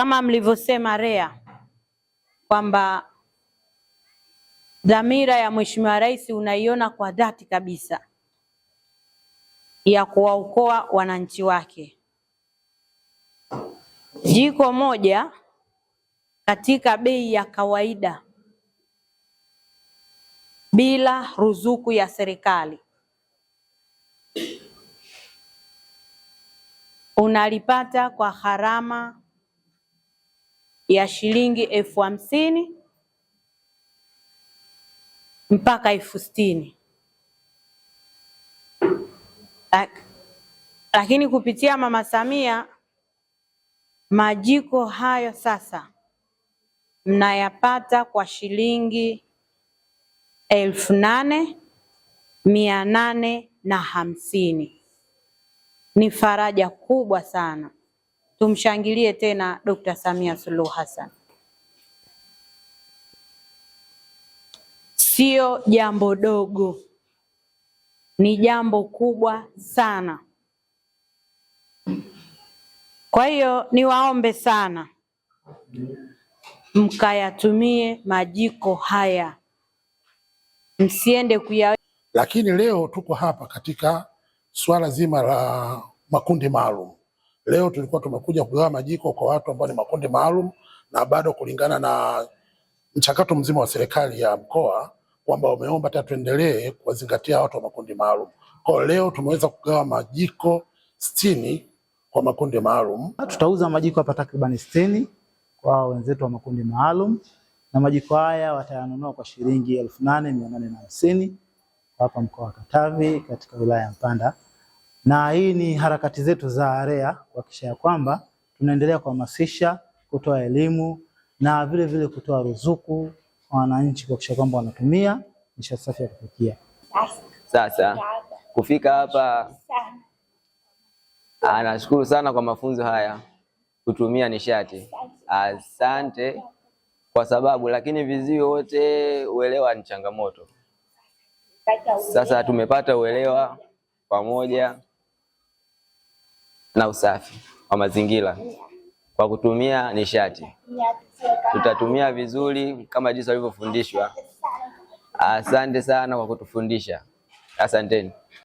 Kama mlivyosema REA kwamba dhamira ya Mheshimiwa Rais unaiona kwa dhati kabisa ya kuwaokoa wananchi wake. Jiko moja katika bei ya kawaida bila ruzuku ya serikali unalipata kwa gharama ya shilingi elfu hamsini mpaka elfu sitini lakini kupitia Mama Samia majiko hayo sasa mnayapata kwa shilingi elfu nane mia nane na hamsini. Ni faraja kubwa sana. Tumshangilie tena Dkt. Samia Suluhu Hassan. Sio jambo dogo, ni jambo kubwa sana. Kwa hiyo niwaombe sana mkayatumie majiko haya, msiende kuya. Lakini leo tuko hapa katika suala zima la makundi maalum Leo tulikuwa tumekuja kugawa majiko kwa watu ambao ni makundi maalum, na bado kulingana na mchakato mzima wa serikali ya mkoa kwamba wameomba hata tuendelee kuwazingatia watu wa makundi maalum. Kwa leo tumeweza kugawa majiko sitini kwa makundi maalum. Tutauza majiko hapa takribani sitini kwa wenzetu wa makundi maalum, na majiko haya watayanunua kwa shilingi elfu nane mia nane na hamsini hapa mkoa wa Katavi katika wilaya ya Mpanda na hii ni harakati zetu za area kuhakikisha ya kwamba tunaendelea kuhamasisha, kutoa elimu na vile vile kutoa ruzuku kwa wananchi kuhakikisha kwamba wanatumia nishati safi ya kupikia. Sasa kufika hapa, anashukuru ah, sana kwa mafunzo haya kutumia nishati. Asante kwa sababu, lakini vizio wote uelewa ni changamoto. Sasa tumepata uelewa pamoja na usafi wa mazingira kwa kutumia nishati. Tutatumia vizuri kama jinsi walivyofundishwa. Asante sana kwa kutufundisha. Asanteni.